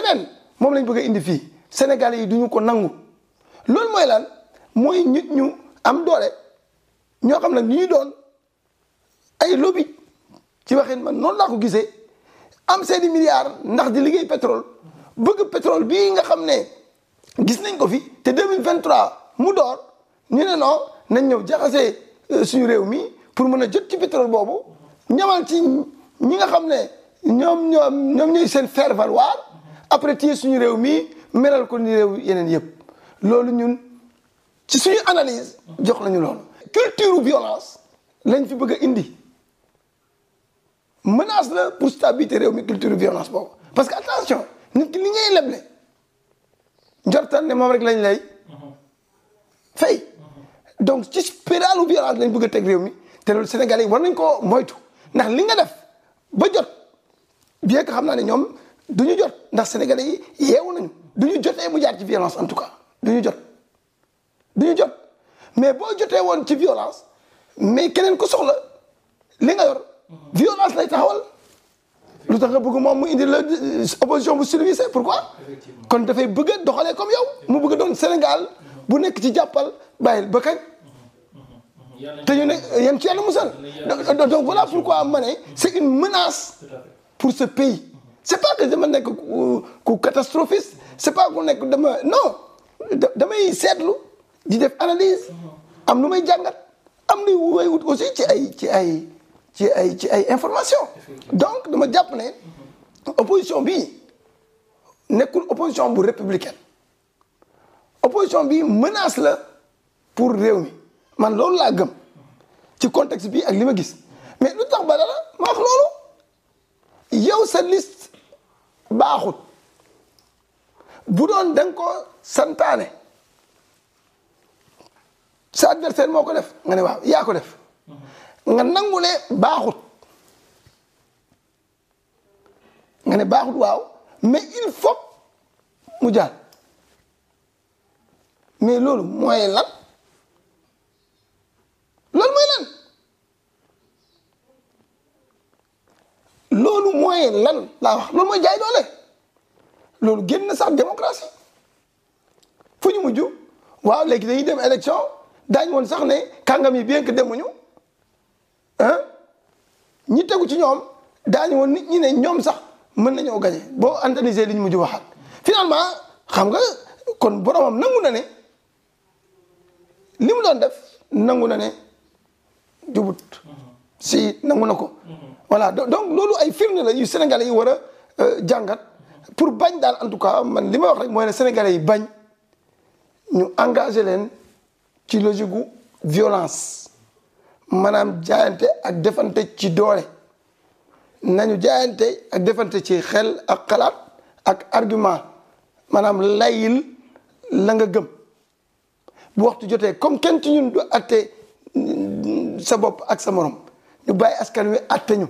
feneen moom lañ bëgg a indi fii Sénégalais yi duñu ko nangu loolu mooy lan mooy nit ñu am doole ñoo xam ne ñuy doon ay lobby ci waxin man noonu laa ko gisee am seeni milliards ndax di liggéey pétrole bëgg pétrole bii nga xam ne gis nañ ko fi te 2023 mu door ñu ne non nañ ñëw jaxasee euh, suñu réew mi pour mën a jot ci pétrole boobu ñamal ci ñi nga xam ne ñoom ñoom ñoom ñooy seen faire valoir après téye suñu réew mii meral ko ni réew yeneen yëpp loolu ñun ci suñu analyse jox nañu loolu culture violence lañ fi bëgg a indi menace la pour stabilité réew mi culture violence boobu parce que attention nit ki li ngay leble njortan ne moom rek lañ lay fay donc ci spiralu violence lañ bëgg a teg mi te loolu Sénégalais war nañ ko moytu ndax li nga def ba jot bien que xam naa ne ñoom duñu jot ndax sénégalais yi yeewu nañu du ñu mu jaar ci violence en tout cas duñu jot duñu jot mais bo joté won ci violence mais keneen ko soxla li nga yor violence lay taxawal lu tax bëgg moom mu indi la euh, opposition bu service pourquoi kon da fay bëgg a comme yow mu bëgg doon Sénégal bu nekk ci jàppal bàyyil ba kañ te ñu ne yéen ci yàlla musal donc voilà pourquoi ma ne mmh. c'est une menace pour ce pays c'est pas que dama nekk catastrophe catastrophiste c'est pas que nekk demande non damay seetlu di def analyse am lu may jàngat am luy way wut aussi ci ay ci ay ci ay ci ay information donc dama japp né opposition bi nekul opposition bu républicaine opposition bi menace la pour réew mi man loolu la gëm ci contexte bi ak lima gis mais lu tax ba dara ma wax loolu yow sa liste baaxut bu doon da ko santaane sa adversaire moo ko def nga ne waaw yaa def nga nangu ne baaxut nga ne baaxut waaw mais il faut mu jaar mais loolu mooy lan moyen lan laa wax loolu mooy jaay doole loolu génn na sax démocratie fu ñu mujj waaw léegi dañuy dem élection daañu woon sax ne kàngam yi bien dem demuñu ah ñi tegu ci ñoom daañu woon nit ñi ne ñoom sax mën nañoo gagné boo analyser li ñu mujj waxaat finalement xam nga kon boromam nangu na ne li mu doon def nangu na ne jubut si nangu na voilà donc loolu ay firnde la yu sénégalais yu wara a euh, pour bagn dal en tout cas man li wax rek moy ne sénégalais yi bagn ñu engager leen ci logique gu violence Manam jaayante ak defante ci doole nañu jaayante ak defante ci xel ak xalat ak argument Manam layil la nga gëm bu waxtu joté comme kenn ci ñun du atte mm, sa bop ak sa morom. ñu bàyyi askan wi atte ñu